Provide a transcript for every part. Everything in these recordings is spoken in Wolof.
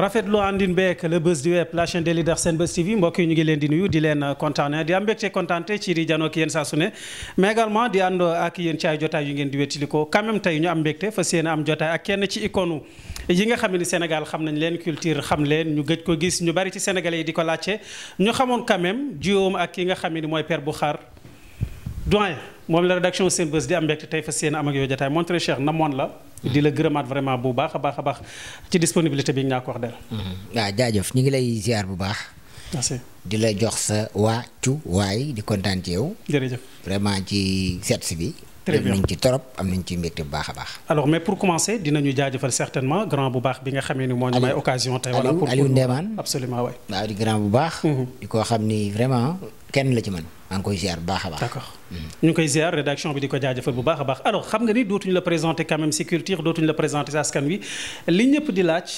rafetlu àndin beek le buzz du web la chaîne des leaders Senbuzz TV mbokk yi ñu ngi leen di nuyu di leen kontaane di am mbégte kontaante ci di janoo ak yéen saa di ànd ak yéen ci ay jotaay yu ngeen di wétiliko quand même tey ñu am mbégte fas yéene am jotaay ak kenn ci icône yi nga xam ne Sénégal xam nañ leen culture xam leen ñu gëj ko gis ñu bari ci sénégalais yi di ko laajte ñu xamoon quand même juróom ak ki nga xam ne mooy bu Boukhar doin moom la rédaction Senbuzz di am mbégte tey fas yéene am ak yow jotaay mon très cher moon la di la gërëmaat bu baax a baax a baax ci disponibilité bi nga ko wax del mm-hmm. waaw jaajëf ñu ngi lay ziar bu baax. merci di la sa waacu waay di kontaan ci yow. jërëjëf vraiment ci seetsi bi. très bien am nañ ci torop am nañ ci mbégte bu baax a baax. alors mais pour commencer dinañu jaajëfal certainement grand bu baax bi nga xamee ni moo ñu may occasion tey. wala pour Aliou bu baax. Mm-hmm. di ko xam ni vraiment. kenn la ci man maa ngi koy ziar bu baax a mm-hmm. rédaction bi di ko jaajëfal bu baax a baax alors xam nga ni dootuñu la présenter quand même dootuñu la présenter ci askan li ñëpp di laaj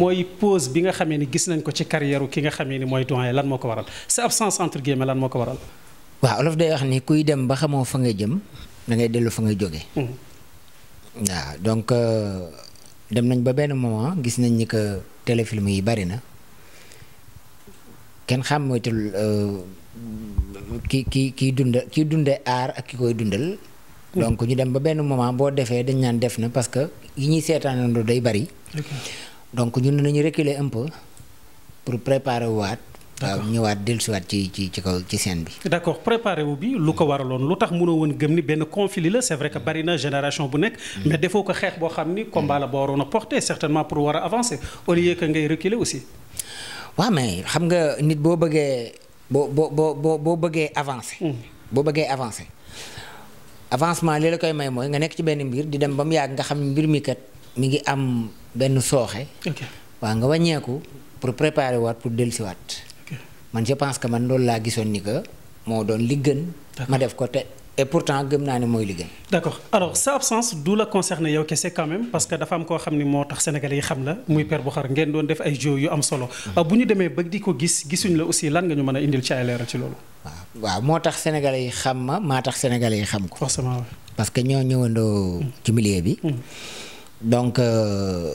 mooy pause bi nga xamee ni gis nañ ko ci carrière ki nga xamee ni mooy doyen lan moo ko waral sa absence entre guillemets lan moo ko waral. waaw olof day wax ni kuy dem ba xamoo fa nga jëm da ngay dellu fa nga jógee. Mm-hmm. waaw donc euh, dem nañ ba benn moment gis nañ ni que téléfilm yi bari ki ki kiy dund kiy dunde aar ak ki koy dundal donc ñu dem ba benn moment boo defee dañ naan def na parce que yi ñuy seetaanandoo day bari donc ñun nañu reculer un peu pour préparer waat waaw ñëwaat dellusiwaat ci ci ci kaw ci seen bi. d' accord wu bi lu ko waraloon lu tax mënoo woon gëm ni benn conflit la c' est vrai que bari na génération bu nekk. Mm. mais defoo ko xeex boo xam ni combat la boo waroon a porté certainement pour war a avancer au lieu que ngay reculer aussi. waaw mais xam nga boo boo boo boo bëggee avancer. Hmm. boo bëggee avancé avancement li la koy may mooy nga nekk ci benn mbir di dem ba mu yàgg nga xam mbir mi kat mi ngi am benn sooxe. waaw nga wàññeeku pour préparer waat pour dellusiwaat. man je pense que man loolu laa gisoon ni que moo doon li gën. ma def ko te. et pourtant gëm naa ne mooy liggéey. d' accord alors sa absence du la concerné yow kese quand même parce que dafa am koo xam ni moo tax sénégalais yi xam la muy Père Boukhar ngeen doon def ay jeux yu am solo. Hmm. Euh, bu ñu demee ba di ko gis gisuñ la aussi lan nga ñu mën a indil ci ay leeral ci loolu. waaw waaw moo tax sénégalais yi xam ma maa tax sénégalais yi xam ko. forcément parce que ñoo ñëwandoo. Hmm. ci milieu bi. Hmm. donc euh,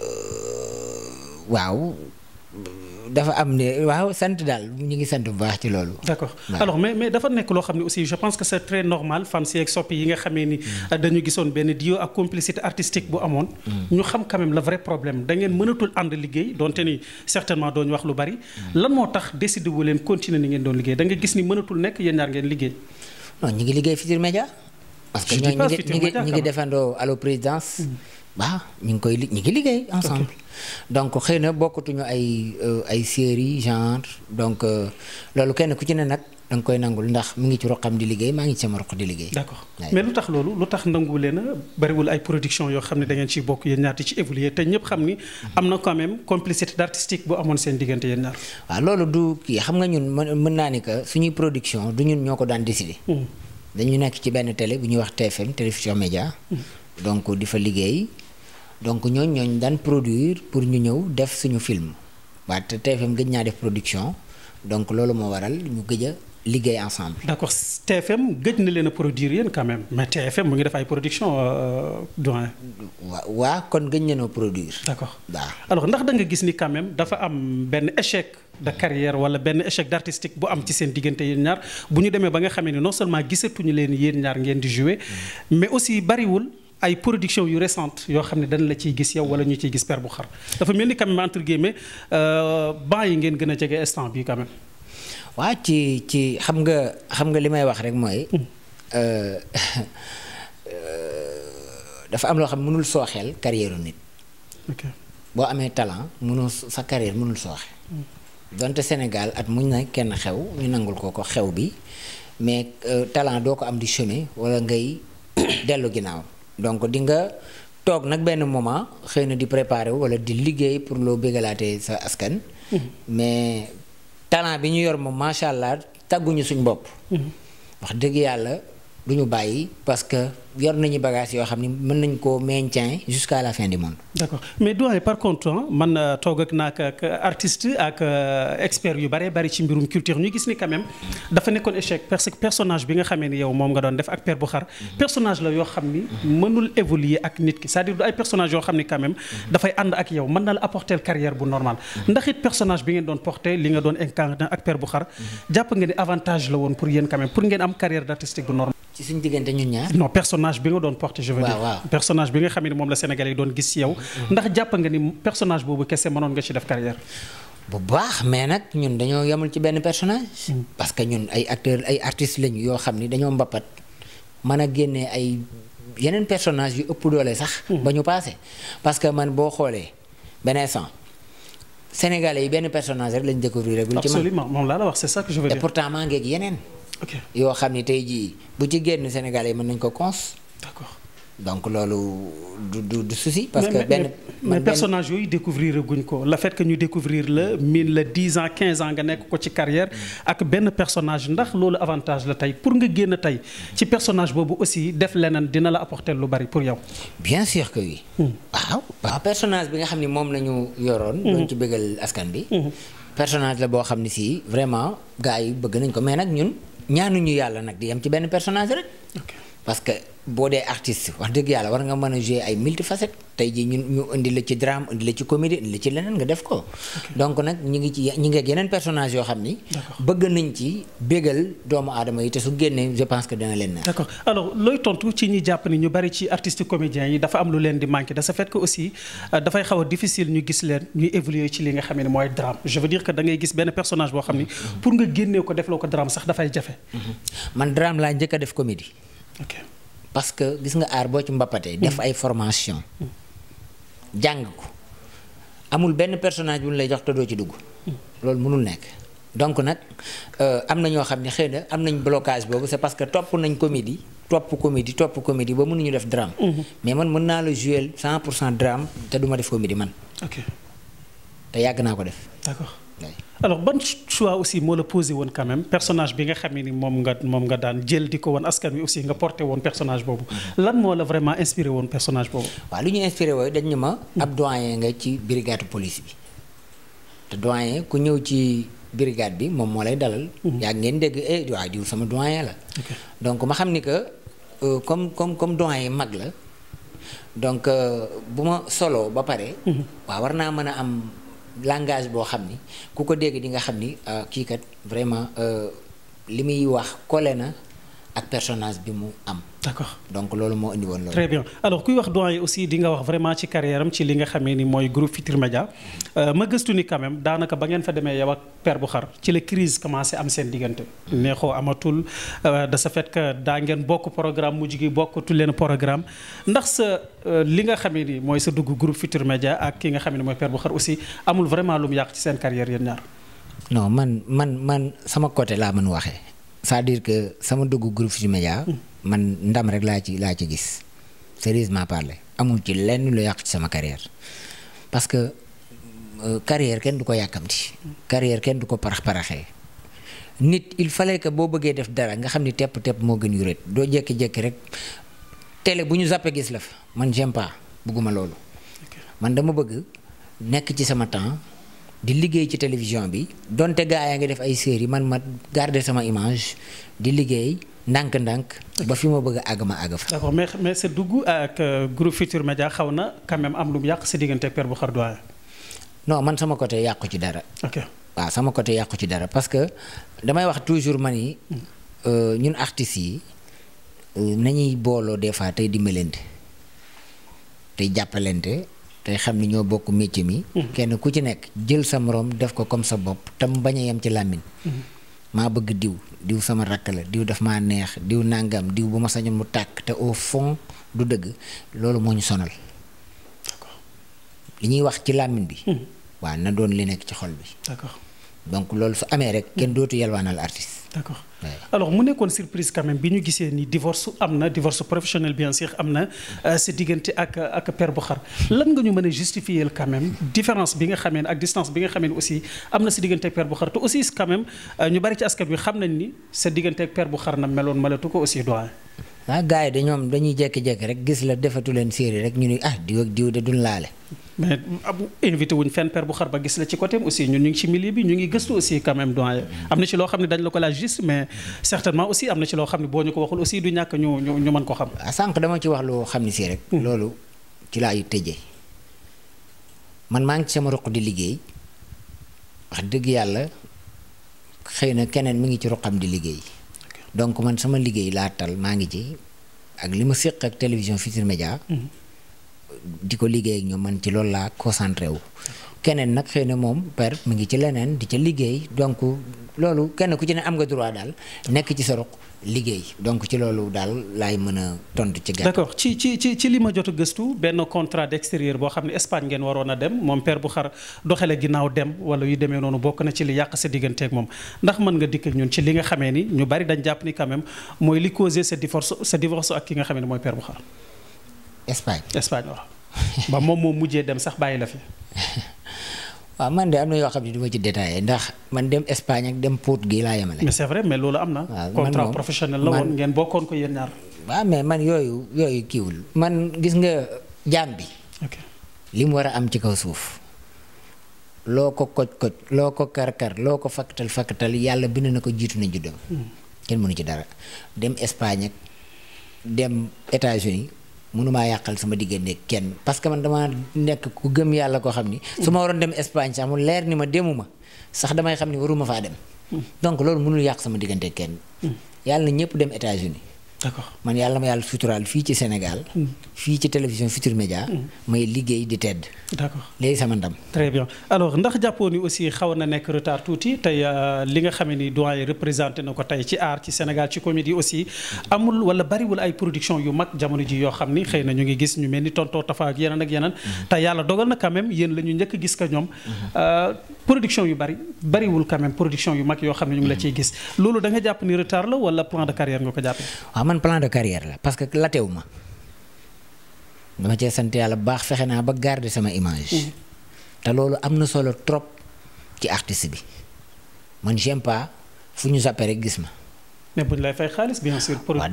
waaw. dafa am ne waaw sant daal ñu ngi sant bu baax ci loolu. d'accord alors mais mais dafa nekk loo xam ne aussi je pense que c'est très normal fans yi ak soppi yi nga xamee ni. Mm. Euh, dañu gisoon benn dio ak complicité artistique bu amoon. Mm. ñu xam quand même le vrai problème da mënatul ànd liggéey donte ni certainement dooñu wax lu bari. Mm. lan moo tax décidé wu leen continuer ni ngeen doon liggéey da nga gis ni mënatul nekk yéen ñaar ngeen liggéey. non ñu ngi liggéey Futurs Médias. parce que ñoo ñu ngi ñu ngi ngi koy ñu ngi liggéey ensemble. donc xëy na bokkatuñu ay euh, ay série genre donc euh, loolu kenn ku ci ne nag da koy nangul ndax mu ngi ci roqam di liggéey maa ngi ci sama roq di liggéey. d'accord mais lu tax loolu lu tax nangu leen bariwul ay production yoo xam ne da ngeen ciy bokk yéen ñaar di ci évoluer te ñëpp xam ni am na quand même complicité d'artistique bu amoon seen diggante yéen ñaar. waaw loolu du kii xam nga ñun mën naa ni que suñuy production du ñun ñoo ko daan décider. Hmm. dañu nekk ci benn télé bu ñuy wax TFM Télé Futurs Médias. Hmm. donc di fa liggéey. donc ñooñ ñooñ daan produire pour ñu ñëw def suñu film waa te TFM gëj naa def production donc loolu moo waral ñu gëj a liggéey ensemble. d' accord TFM gëj na leen a produire yéen quand même mais TFM mu ngi def ay production euh, doyen. waaw waaw kon gëj nañoo produire. d' accord waaw alors ndax da gis ni quand même dafa am benn échec. de carrière wala benn échec d' bu am ci seen diggante yéen ñaar bu ñu demee ba nga xamee ni non seulement gisatuñu leen yéen ñaar ngeen di jouer mm. mais aussi bariwul. ay production yu récente yoo xam ne dañ la ciy gis yow wala ñu ciy gis per bu xar dafa mel ni quand même entre guillemets euh, ban yi ngeen gën a jege instant bi quand même. waaw ci ci xam nga xam nga li may wax rek mooy. Hmm. Euh, euh, dafa am loo xam mënul sooxeel carrière nit. boo amee talent mënul sa carrière mënul sooxe. Hmm. donte Sénégal at muñ na kenn xew ñu nangul ko ko xew bi mais talent doo ko am di chômer wala ngay dellu ginnaaw. donc di nga toog nag benn moment xëy na di préparer wu wala di liggéey pour loo bégalaatee sa askan. Mhm. mais talent bi ñu yor moom macha allah tàgguñu suñ bopp. Mhm. wax dëgg yàlla. du ñu bàyyi parce que yor nañu bagage yoo xam ne mën nañ koo maintien jusqu'à la fin du monde. d'accord mais doyen par contre man euh, toog ak euh, artiste ak euh, expert yu bare bari ci mbirum culture ñu gis ni quand dafa nekkoon échec parce que personnage bi nga xamee ni yow moom nga doon def ak Père Boukhar personnage la yoo xam ni mënul évoluer ak nit ki cest dire du ay personnage yoo xam ni quand dafay ànd ak yow mën na la apporter carrière bu normal ndax ci suñ diggante ñun ñaar. non personnage bi nga doon porté je waaw waaw personnage bi nga xam ne moom la Sénégalais yi doon gis ci yow. Mm-hmm. ndax jàpp nga ni personnage boobu kese mënoon nga ci def carrière. bu baax mais nag ñun dañoo yemul ci benn personnage. Mm. parce que ñun ay acteurs ay artistes lañu yoo xam ni dañoo mbappat mën a génnee ay yeneen personnage yu ëpp doole sax. Mm-hmm. ba ñu paase parce que man boo xoolee beneen sens Sénégalais yi benn personnage rek lañ découvrir rek. bu ñu ci mën absolument yoo xam ni tey jii bu ci génn Sénégalais yi mën nañ ko cons. d'accord donc loolu du du du souci. parce que benn mais personnage yooyu découvrir guñ ko le fait que ñu découvrir la mille la dix ans quinze ans nga nekk ko ci carrière mm. ak benn personnage ndax loolu avantage la tey pour nga génn tey ci personnage boobu aussi def leneen dina la apporter lu bari pour yow. bien sûr que oui. Mm. waaw ah. waaw bi nga xam ni moom la ñu yoroon. Mm. doon ci bëggal askan bi. personnage la boo xam ni si vraiment gars yi bëgg ko mais nag ñun. ñaanuñu yàlla nag di yem ci benn personnage rek. parce que boo dee artiste wax dëgg yàlla war nga mën a jouer ay multifacette tey jii ñun ñu indi la ci drame indi la ci comédie indi la ci leneen nga def ko. donc nag ñu ngi ci ñu ngi ak yeneen yoo xam ni. bëgg nañ ci bégal doomu aadama yi te su génnee je que dina leen na. d' accord alors looy tontu ci ñi jàpp ni ñu bari ci artiste comédiens yi dafa am lu leen di manqué de ce fait que aussi euh, dafay xaw a difficile ñu gis leen ñuy évoluer ci li nga xam ne mooy drame je veux gis benn personnage boo xam ni mhm. pour nga génnee ko defloo ko drame sax dafay jafe. Mhm. man drame laa njëkk a ok parce que gis nga aar boo ci mbappatee. Mm. def ay formation mm. jàng ko amul benn personnage bu ñu lay jox te doo ci dugg. Mm. loolu mënul nekk. donc nag euh, am na ñoo xam ne xëy na am nañ blocage boobu c'est parce que topp nañ comédie topp comédie topp comédie ba mënuñu def drame. Mm-hmm. mais man mën naa la jouer 100 pour cent drame te du ma def comédie man. ok te yàgg naa ko def. alors ban choix aussi moo la posé woon quand même personnage bi nga xamee ni moom nga moom nga daan jël di ko woon askan wi aussi nga porté woon personnage boobu mm-hmm. lan moo la vraiment inspiré woon personnage boobu. waaw lu ñu inspiré wooyu dañ ñu ma. ab doyen nga ci brigade police bi te doyen ku ñëw ci brigade bi moom moo lay dalal. Mm-hmm. yaa ngeen dégg eh waaw diw sama doyen la. donc ma xam ni que euh, comme comme comme doyen mag la donc euh, bu ma solo ba pare. Mm-hmm. waaw war naa langage boo xam ni ku ko dégg di nga xam ni euh, kii kat vraiment euh, li muy wax kole na ak personnage bi mu am. d'accord donc loolu moo indi loolu. très bien alors kuy wax doyen aussi di nga wax vraiment ci carrière am ci li nga xamee ni mooy groupe Futurs Médias euh, ma gëstu ni quand même daanaka ba ngeen fa demee yow ak Père Boukhar ci la crise commencé am seen diggante. neexoo amatul euh, de ce fait daa ngeen bokk programme mujj gi bokkatul leen programme ndax sa euh, li nga xamee ni mooy sa dugg groupe Futurs Médias ak ki nga xam ne mooy Père xar aussi amul vraiment lu mu yàq ci seen carrière yéen ñaar. non man man man sama côté laa mën waxee sama dugg groupe Futurs Médias hmm. man ndam rek laa ci laa ci gis sérieusement parle amul ci lenn lu yàq ci sama carrière parce que euh, carrière kenn du ko yàkkamti carrière kenn du ko parax paraxee nit il fallait que boo bëggee def dara nga xam ni tepp tepp moo gën yu rét doo jékki-jékki rek tele bu ñu zappe gis la fa man j'aime pas bugguma loolu man dama bëgg nekk ci sama temps di liggéey ci télévision bi donte gaa yaa ngi def ay série man ma garde sama image di liggéey ndànk-ndànk ba fi ma bëgg a ma àgg fa. d'accord mais mais sa dugg ak euh, groupe Futur Media xaw na quand même am lu mu yàq sa diggante Père Boukhar Doyen. non man sama côté yàqu ci dara. ok waaw sama côté yàqu ci dara parce que damay wax toujours man mm. euh, yi ñun artis yi nañuy booloo des fois tey dimbalante tey jàppalante tey xam ni ñoo bokk métier mi. Mm-hmm. kenn ku ci nekk jël sa moroom def ko comme sa bopp te mu bañ a yem ci làmmiñ. Mm-hmm. maa bëgg diw diw sama rakk la diw daf maa neex diw nàngam diw bu ma sañoon mu tàkk te au fond du dëgg loolu moo ñu sonal li ñuy wax ci làmmiñ bi hmm. waa na doon li nekk ci xol bi donc loolu su amee rek kenn dootu yalwaanal artiste d'accord alors mu nekkoon surprise quand même bi ñu gisee ni divorce am na divorce professionnel bien sûr am na euh, sa diggante ak ak bu xar lan nga ñu mën a justifier quand même différence bi nga xamee ne bi nga xamee ne aussi am na sa diggante ak père bu xar te euh, xam nañ ni sa diggante ak na meloon malatu ko aussi doyen. ah gars yi de ñoom dañuy jékki-jékki rek gis la defatu leen série ñu ne ah diw ak diw de duñ mais invité wuñ fenn père bu xar ba gis la ci côté aussi ñun ñu ngi ci milieu bi ñu ngi gëstu aussi quand même doyen mm-hmm. am na ci loo xam ne dañ la ko laaj juste ma aussi am na ci loo xam ne boo ñu ko waxul aussi du ñàkk ñu ñu ñu mën ko xam. Ah, sànq dama ci wax loo xam ne si rek. Hmm. loolu ci laa yu tëjee man maa ngi ci sama di liggéey wax dëgg yàlla xëy na keneen mi ngi ci roqam di liggéey. donc man sama liggéey laa tal maa ngi ci ak li ma séq ak télévision Futurs Médias. Hmm. di ko liggéey ak ñoom man ci loolu laa concentré wu. keneen nag xëy na moom per mi ngi ci leneen di ca liggéey donc loolu kenn ku ci ne am nga droit daal nekk ci sa roq liggéey donc ci loolu daal laay mën a tontu ci. d'accord ci ci ci ci li ma jot gëstu benn contrat d'extérieur boo xam ne Espagne ngeen waroon a dem moom père bu xar doxale ginnaaw dem wala yu demee noonu bokk na ci li yàq sa digganteeg moom ndax mën nga dikk ñun ci li nga xamee ni ñu bari dañ jàpp ni quand même mooy li causé sa divorce sa divorce ak ki nga xamee ni mooy père bu xar. Espagne Espagne moom moo mujjee dem sax bàyyi la fi. waaw man de am na yoo xam ne du ma ci détaillé ndax man dem Espagne ak dem Pout gi laa yemale. mais c'est vrai mais loolu am na. contrat professionnel la woon ngeen bokkoon ko yéen ñaar. mais man yooyu yooyu kiiwul man gis nga jaan bi. li war a am ci kaw suuf. loo ko koj koj loo ko karkar loo ko fakkatal fakkatal yàlla bind na ko jiitu na juddam. Hmm. kenn mënu ci dara dem Espagne ak dem États-Unis mënumaa yàqal sama diggante kenn parce que man dama nekk ku gëm yàlla koo xam ni. su ma waroon dem Espagne sax mu leer ni ma demu ma sax damay xam ni waruma faa dem. Mm. donc loolu mënul yàq sama diggante kenn. Mm. yàlla na ñëpp dem états uni d'accord man yàlla ma yàlla suturaal fii ci Sénégal. Hmm. fii ci télévision Futur Média. Hmm. may liggéey di tedd. d'accord léegi sama ndam. très bien alors ndax jàppoon ni aussi xaw na nekk retard tuuti tey euh, li nga xam ni doyen représenté na ko tey ci art ci Sénégal ci comédie aussi amul wala bariwul ay production yu mag jamono ji yoo xam ni xëy na ñu ngi gis ñu mel ni tonton Tafa yeneen ak yeneen. Hmm. te yàlla dogal na quand même yéen njëkk gis ko ñoom. Euh, yu bari bariwul man plan de carrière la parce que latew ma dama cee sant yàlla bu baax fexe naa ba garder sama image. Mm. te loolu am na solo trop ci artiste bi man j'aime fu ñu zappé rek gis ma. mais bu ñu lay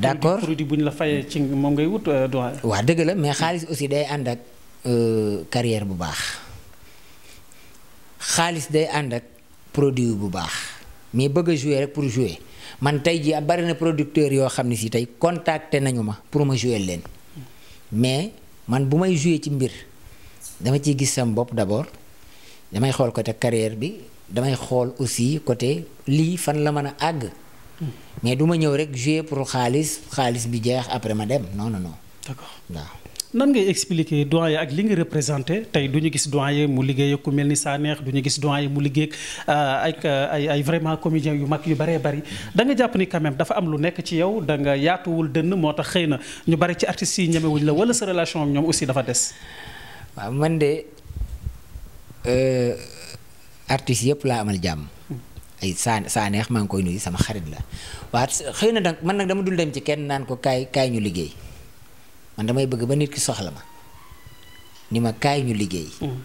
d'accord produit bu ñu la fayee moom ngay wut euh, doyen. waaw dëgg la mais xaalis aussi day ànd ak euh, carrière bu baax xaalis day ànd ak produit bu baax mais bëgg a rek pour jouer. man tey jii bari na producteur yoo xam ne si tey contacté nañu ma pour ma jouer leen mais man bu may jouer ci mbir dama ciy gis sam bopp d'abord damay xool côté carrière bi damay xool aussi côté lii fan la mën a àgg hmm. mais duma ñëw rek jouer pour xaalis xaalis bi jeex après ma dem non non non. waaw. nan ngay expliquer yi ak li nga représenté tey du ñu gis doyen mu liggéey ku mel ni Sanex du ñu gis yi mu liggéey ak euh, ay vraiment comédiens yu mag yu bëree bëri da jàpp ni quand même dafa am lu nekk ci yow da yaatuwul dënn moo tax xëy na ñu bëri ci artistes yi ñemewuñ la wala sa relation ñoom aussi dafa des. waaw de euh, artistes yëpp laa amal jàmm. ay saa Sanex maa ngi koy nuyu sama xarit la waaw xëy na nag mën nag dama dul dem ci kenn naan ko kaay kaay ñu liggéey. man damay bëgg ba nit ki soxla ma ni ma kaay ñu liggéey mm.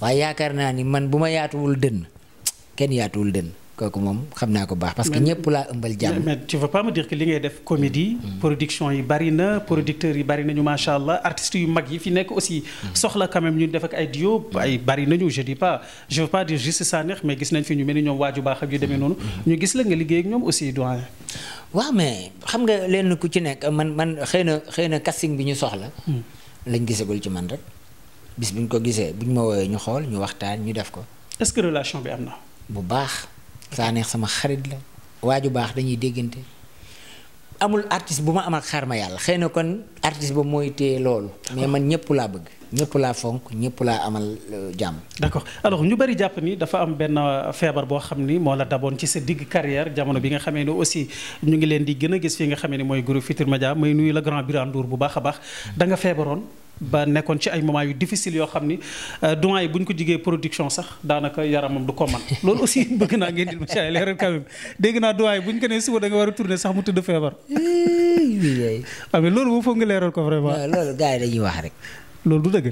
waaye yaakaar naa ni man bu ma yaatuwul dënn kenn yaatuwul dënn kooku moom xam naa ko baax parce que ñëpp laa ëmbal jàmm mais tu veux pas me dire que li ngay def comédie mm. Mm. production yi bari na producteurs yi bari nañu macha allah artistes yu mag yi fi nekk aussi mm. soxla quand ñu def ak ay Diop ñu gis la nga liggéey ak ñoom aussi doyen waaw mais xam nga leen ku ci nekk man man xëy na xëy na casting bi ñu soxla lañ gisagul ci man rek bis buñ ko gisee buñ ma woowee ñu xool ñu waxtaan ñu def ko est-ce que relation bi am na saa neex sama xarit la waaju baax dañuy déggante amul artiste bu ma amal xaar ma yàlla xëy na kon artiste ba mooy téye loolu. mais man ñëpp laa bëgg. ñëpp laa fonk ñëpp laa amal euh, jàmm. d'accord alors ñu bari jàpp ni dafa am benn euh, feebar boo xam ni moo la daboon ci sa digg carrière jamono bi nga xamee ni aussi ñu ngi leen di gën a gis fi nga xamee ni mooy groupe Futurs Médias may nuyu la grand Birane Ndour bu baax a baax danga nga feebaroon. ba nekkoon ci ay moment yu difficile yoo xam ni euh, doyen bu ñu ko jigee production sax daanaka yaramam du ko man loolu aussi bëgg naa ngeen di ma ci ay leeral quand même dégg naa doyen bu ñu ko nee nga war a tourner sax mu tëdd feebar. waaw ah, mais loolu moom foog nga leeral ko vraiment. waaw loolu gars dañuy wax rek. loolu du dëgg.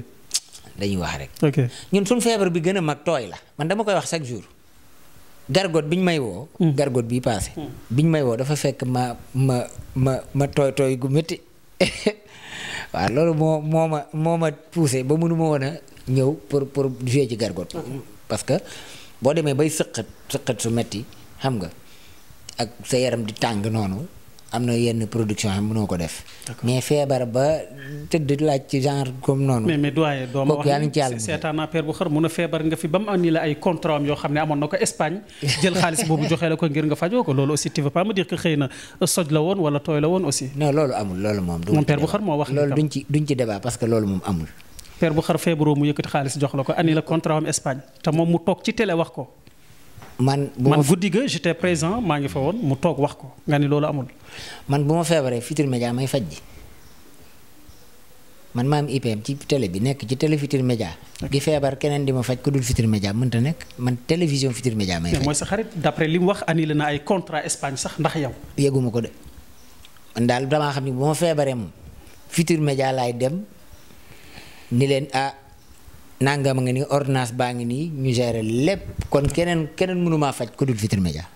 dañuy wax rek. ok ñun suñu feebar bi gën a mag tooy la man dama koy wax chaque jour. gargot biñ may woo. Hmm. gargot bii paase. Hmm. biñ may woo dafa fekk ma ma ma ma tooy tooy gu métti. waaw loolu moo moo ma moo ma poussé ba mënu ma woon ñëw pour pour jouer ci gargote parce que boo demee bay sëqat sëqat su metti xam nga ak sa yaram di tàng noonu am na yenn production yi ko def. mais feebar ba tëdd laaj ci genre comme noonu. mais mais doyen doo ma wax seetaan bu xar mun a feebar nga fi ba mu annulé ay contrat am yoo xam ne amoon na ko Espagne jël xaalis boobu joxe la ko ngir nga fajoo ko loolu aussi tu veux pas me dire xëy na euh, soj la woon wala tooy la woon aussi. non loolu amul loolu moom. du moom père bu xar moo wax. loolu duñ ci duñ ci débat parce que loolu moom amul. père bu xar feebaroo mu yëkkati xaalis ko annulé contrat am Espagne te wax ko. man bu man guddi ga j'étais présent maa ngi fa woon mu toog wax ko nga ni loolu amul. man bu ma feebaree Futurs Médias may ji man maa am IPM ci télé bi nekk ci télé Futurs Médias. feebar keneen di ma faj ku dul Futurs Médias mënta nekk man télévision Futurs Médias may faj. mooy sa xarit li mu wax annulé na ay contrat Espagne sax yow. yëguma ko de daal damaa xam feebaree moom Futurs Médias laay dem ni leen ah. nangam a nga ni ordonnance baa ngi nii ñu gérer lépp kon keneen keneen mënumaa faj ku dul Futurs Médias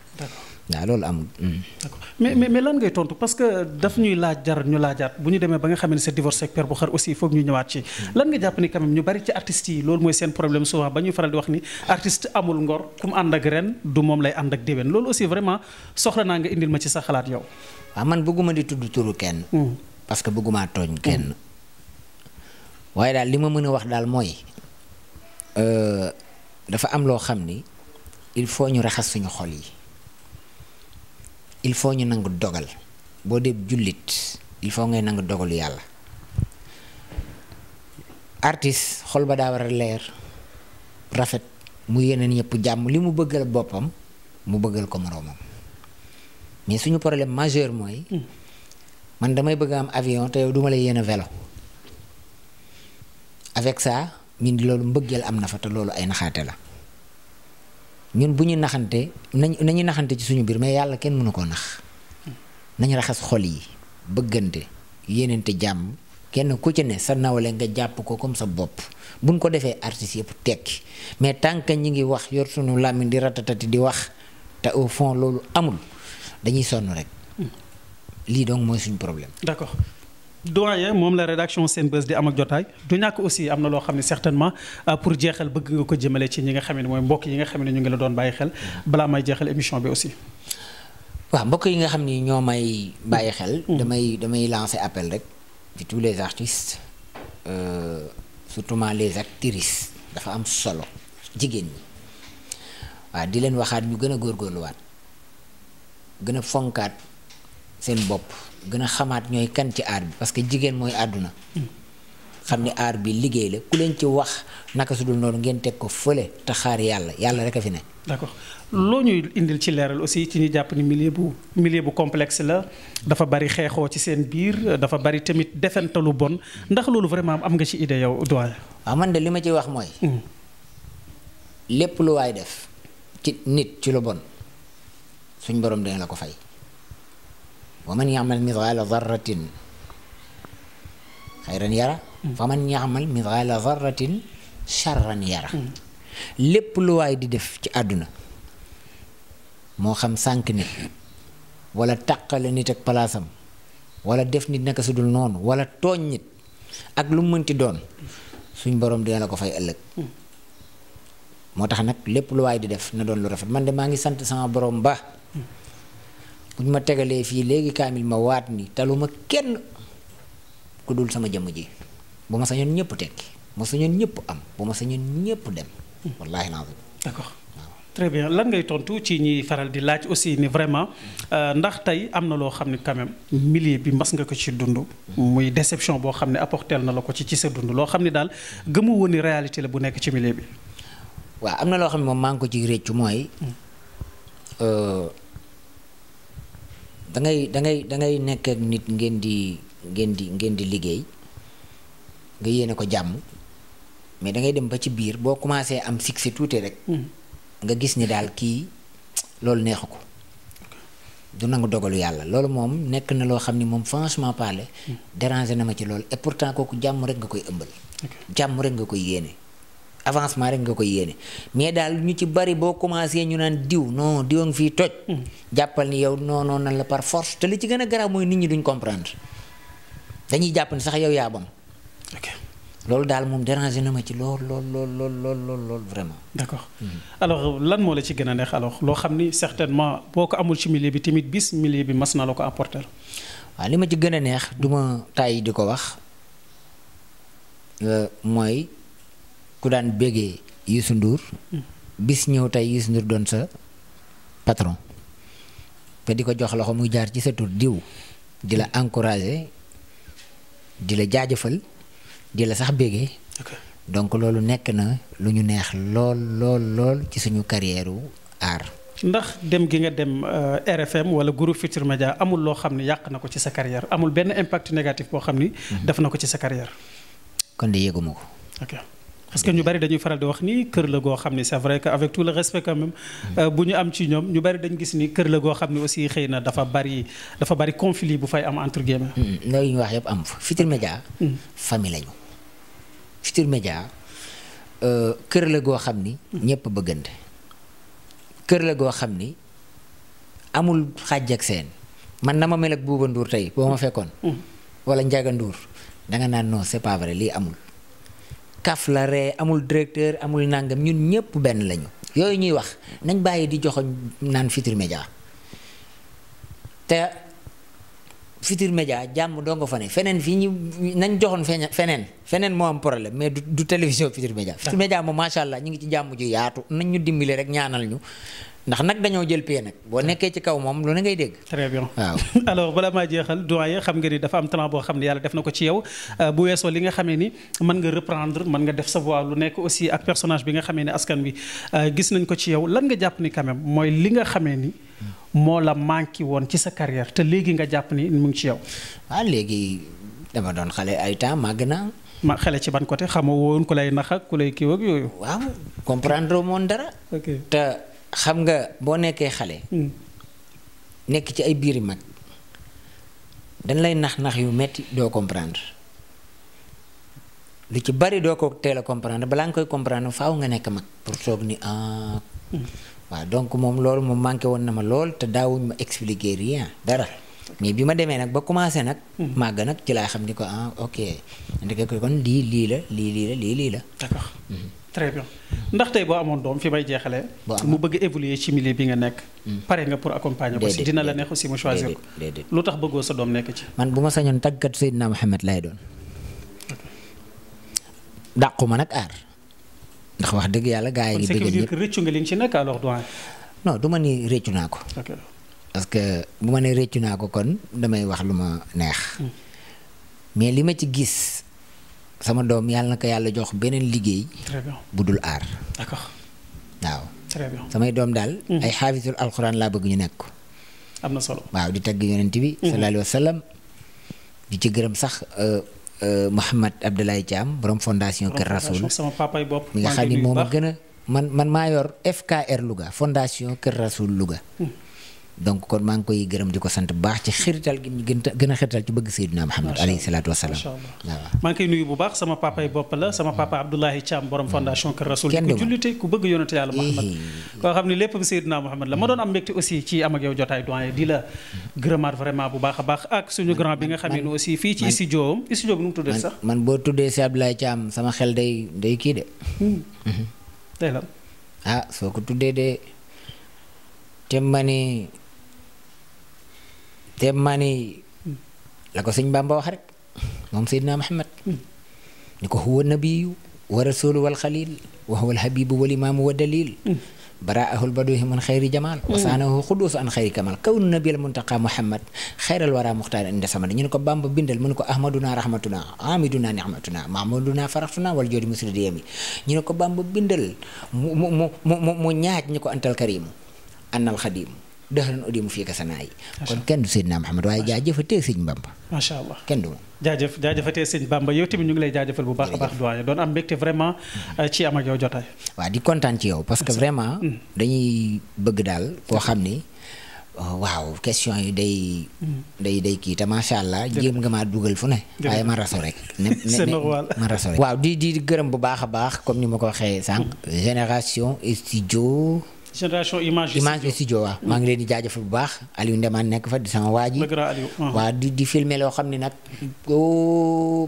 waaw loolu amul. Mm. d'accord mais mais lan ngay tontu parce que daf ñuy laaj jar ñu laajaat bu ñu demee ba nga xam ne c'est divorce ak bu xar aussi foog ñu ñëwaat ci. Mm. lan nga jàpp ni quand même ñu bari ci artistes yi loolu mooy seen problème souvent ba ñuy faral di wax ni artiste amul ngor ku mu ànd ak ren du moom lay ànd ak déwén loolu aussi vraiment soxla naa nga indil ma ci sa xalaat yow. waaw man bëgguma di tudd turu kenn. Mm. parce que bëggumaa tooñ kenn. waaye daal li ma mën a wax daal mooy. Euh, dafa am loo xam ni il faut ñu raxas suñu xol yi il faut ñu nangu dogal boo dee jullit il faut ngay nangu dogalu yàlla artiste xol ba daa war a leer rafet mu yeneen ñëpp jàmm li mu bëggal boppam mu bëggal ko moroomam mais suñu problème majeur mooy man damay bëgg am avion te yow duma lay yéene vélo avec ça ñun loolu mbëggeel am na fa te loolu ay naxaate la ñun bu ñu naxante nañ nañu naxante ci suñu biir mais yàlla kenn mënu koo nax nañ raxas xol yi bëggante yéenante jàmm kenn ku ci ne sa nawle nga jàpp ko comme sa bopp bu buñ ko defee artistes yëpp tekki mais tant que ñi ngi wax yor suñu làmmiñ di ratatati di wax te au fond loolu amul dañuy sonn rek hmm. lii donc mooy suñu problème doyen moom la rédaction Senbuzz di am ak jotaay du ñàkk aussi am na loo xam ne certainement euh, pour jeexal bëgg nga ko jëmale ci ñi nga xam ne mooy mbokk yi nga xam ne ñu ngi la doon bàyyi xel balaa may jeexal émission bi aussi. mbokk yi nga xam ni ñoo may bàyyi xel. Mm. damay damay lancer appel rek ci tous les artistes euh, surtout les actrices dafa am solo jigéen ñi waaw di leen waxaat ñu gën a góorgóorluwaat gën a fonkaat. seen bopp gën a xamaat ñooy kan ci aar bi parce que jigéen mooy àdduna xam ne aar bi liggéey la ku leen ci wax naka su dul noonu ngeen teg ko fële te xaar yàlla yàlla rek a fi ne. d'accord loo ñuy indil ci leeral aussi ci ñu jàpp ni milieu bu milieu bu complexe la dafa bari xeexoo ci seen biir dafa bari tamit defentalu bon ndax loolu vraiment am nga ci idée yow doyen. waaw man de li ma ci wax mooy. Hmm. lépp lu waay def ci nit ci lu bon suñ borom dina la ko fay. wa man yaamal mithqaala darratin xayran yara fa man yaamal mithqaala darratin charran yara lépp lu waay di def ci àdduna moo xam sànq nit wala tàqale nit ak palaasam wala def nit naka su dul noonu wala tooñ nit ak lu mënti doon suñ borom dina la ko fay ëllëg moo tax nag lépp lu waay di def na doon lu rafet man de maa ngi sant sama boroom ba buñ ma tegalee fii léegi kaamil ma waat ni taluma kenn ku dul sama jëmm ji bu ma sañoon ñëpp tekki bu ma sañoon ñëpp am bu ma sañoon ñëpp dem hmm. wallaahi naa d'accord très bien lan ngay tontu ci ñuy faral di laaj aussi ni vraiment euh, ndax tey am na loo xam ne quand même hmm. bi mas nga ko ci dund hmm. muy déception boo xam ne apporté na la ko ci ci sa dund loo xam ne daal gëmu woon ni réalité la bu nekk ci milieu bi waa am na loo xam ne moom maa ngi ko ci réccu mooy euh, da ngay dangay ngay nekk nit ngeen di ngeen di ngeen di liggéey nga yéene ko jàmm mais da ngay dem ba ci biir boo commencé am succès tuuti rek. Hmm. nga gis ni daal kii loolu neexu ko. du nangu dogalu yàlla loolu moom nekk na loo xam ni moom franchement parler. Hmm. déranger na ma ci loolu et pourtant kooku jàmm rek nga koy ëmbal. jàmm rek nga koy yéene. avancement rek nga koy yéene mais daal ñu ci bari boo commencé ñu naan diw non diw a fii toj. Mm. jàppal ni yow non non la par force te li ci gën a garab mooy nit ñi duñ comprendre dañuy jàpp ni sax yow yaa loolu daal moom dérangé na ma ci lool lool lool lool lool lool lool vraiment. d' accord mm. alors lan moo la ci gën a neex alors loo xam ni certainement boo ko amul ci milieu bi tamit bis milieu bi mas na la ko apporter. waaw li ma ci gën a neex du ma tàyyi di ko wax euh, ku daan bégee Youssou nduur mm. bis ñëw tey Youssou Ndour doon sa patron te di ko jox loxo muy jaar ci sa tur diw di la encourager di la jaajëfal di la sax bégee donc loolu nekk na lu ñu neex lool lool lool ci suñu carrière wu aar ndax dem gi nga dem euh, RFM wala Groupe Futurs Médias amul loo xam ne yàq na ko ci sa carrière amul benn impact négatif boo xam ni mm-hmm. def na ko ci sa carrière kon de yëguma ko parce que ñu bari dañuy faral di wax nii kër la goo xam ne c'est vrai que avec tout le respect quand mm. euh, bu ñu am ci ñoom ñu bari dañ gis nii kër la goo xam ne aussi xëy na dafa bari dafa bari conflit bu fay am entre guillemets. Mm, mm. loolu ñu wax yëpp am fa Futurs Médias. famille lañu Futurs Médias euh, la goo xam ni. ñëpp bëggante kër la goo xam ni amul xàjj ak seen man na ma mel ak Bouba Ndour tey boo ma fekkoon. wala Ndiaga Ndour danga naan non c'est pas lii amul. kaf la amul directeur amul nangam ñun ñëpp benn lañu yooyu ñuy wax nañ bàyyi di joxoñ naan Futurs Médias Futurs Médias jàmm doo nga fa ne feneen fii ñu nañ joxoon feneen feneen moo am problème mais du télévision Futurs Médias ah. Futurs Médias moom macha allah ñu ngi ci jàmm ju yaatu nañ ñu dimbali rek ñaanal ñu ndax nag dañoo jël pee nag boo ah. nekkee ci kaw moom lu ne ngay dégg. très bien waaw alors bala maa jeexal doyen xam nga ni dafa am talent boo xam ne yàlla def na ko ci yow ah. euh, bu weesoo li nga xame ni mën nga reprendre mën nga def sa voix lu nekk aussi ak personnage bi nga xamee ni askan wi euh, gis nañ ko ci yow lan nga jàpp ni quand même mooy li nga xamee ni hmm. moo la manqué woon ci sa carrière te léegi nga jàpp ni mu ngi ci yow. waaw ah, léegi dama doon xale ay temps màgg naa. ma xale ci ban côté xamoo woon ku lay nax ak ku lay kiiw comprendre moon dara. te xam nga boo nekkee xale. Hmm. nekk ci ay biiri mag. dañ lay nax-nax yu metti doo comprendre lu ci bari doo ko teel comprendre balaa nga koy comprendre faaw nga nekk mag pour soog ni ah. Hmm. waaw donc moom loolu moom manqué woon na ma lool te daawuñ ma expliquer rien dara mais bi ma demee nag ba commencé nag. Hmm. màgg nag ci laa xam ni ko ah ok ndeke ko kon lii lii la lii lii la lii la. d'accord hmm. très bien ndax tey boo amoon doom fi may jeexalee. mu bëgg évoluer ci milieu bi nga nekk. Hmm. pare nga pour accompagner ko si dina la neex si mu choisir ko. lu tax bëggoo sa doom nekk ci. man bu ma sañoon tàggat Seydina Mohamed lay doon. dàqu ma nag aar. ndax wax dëgg yàlla gaa yi ngi bëgg ñëpp rëccu nga leen ci nag alors du ma ni rëccu naa ko. parce que bu ma nee rëccu naa ko kon damay wax lu ma neex. Hmm. mais li ma ci gis sama doom yàlla na ko yàlla jox beneen liggéey. bu dul aar. d'accord waaw. très bien samay doom daal. Hmm. ay xaafisul alxuraan laa bëgg ñu nekk. am na solo waaw di tagg yonent bi. Hmm. sallallahu alayhi di ci gërëm sax. Euh, Euh, Mouhamed Abdoulaye Thiam borom fondation Kër Rasoul sama papay bopp mi nga xam ni moom a gën a man man maa yor FKR luga fondation Kër Rasoul Louga. Hmm. donc kon maa ngi koy gërëm di ko sant bu baax ci xirtal gi ñu gën a a xirtal ci bëgg Seydina Muhammad alayhi salaatu wasalaam waaw maa ngi koy nuyu bu baax sama papa yi bopp la sama papa Abdoulahi Thiam borom hmm. fondation Kër Rasoul ku jullite ku bëgg yonante yàlla Muhammad koo xam ne lépp Seydina Muhammad la ma doon am mbégte aussi ci am ak bu baax a baax ak suñu grand bi nga xam ne aussi fii ci studio studio bi nu mu tuddee sax man boo tuddee si Abdoulahi Thiam sama xel day day kii de hmm. ah soo ko tuddee de te ma te maa ni la ko sëñ Bamba wax rek moom Seydina Muhammad ni ko huwa nabiyu wa rasulu wal xalil wa huwa alhabibu wal imaamu wa dalil baraahu lbaduhi min xayri jamal mm. wasaanahu xuduusu an xayri kamal kawnu nabial muntaqa muhammad xayral wara muxtaar inde samad ñu ne ko bamba bindal mu ne ko ahmaduna rahmatuna amiduna ni'matuna mahmuduna faraxtuna wala joodi musridi yami ñu ne ko bamba bindal mu mu mu mu ñaaj ñu ko antal karimu annal xadimu dëxëran audio mu fii ka sanaa yi kon kenn du Seydina Muhammad waaye jaajëfatee sëñ Bamba macha allah kenn du moom jaajëf jaajëfatee sëñ Bamba bu baax a baax doyen doon am mbégte vraiment eh, ci am ak yow jotaay waaw di kontaan ci yow parce que vraiment dañuy bëgg daal koo xam ni waaw question yi day hmm. day day kii te macha allah jéem nga maa dugal fu ne waaye ma raso rek ne ma raso rek waaw di di gërëm bu baax a baax comme ni ma ko waxee sànq hmm. génération studio génération image image du studio waaw maa ngi leen di jaajëfal bu baax Aliou Ndemaan nekk fa di sama waa ji waaw di di filmer loo xam ni nag o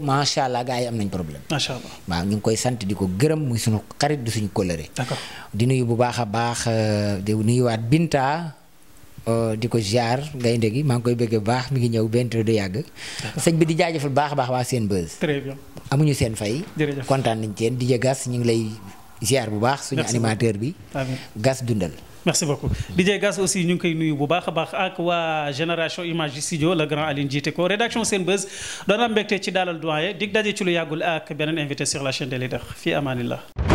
oh, macha allah gars yi am nañ problème macha allah waaw ñu ngi koy sant di ko gërëm muy suñu xarit di suñu coloré di nuyu bu baax a baax euh, di nuyuwaat Binta euh, di ko ziar gaynde gi maa ngi koy bëggee bu baax mi ngi ñëw bent du yàgg sëñ bi di jaajëfal baax a baax waa seen buzz amuñu seen fay kontaan nañ seen di jëgas ñu ngi lay ziar bu baax suñu animateur bi gas dundal merci beaucoup DJ Gas aussi ñu ngi koy nuyu bu baax a baax ak waa génération image studio le grand Aline jiite ko rédaction Senbuzz doon am mbégte ci dalal doyen dig daje ci lu yàggul ak beneen invité sur la chaîne des leaders fii amaanillah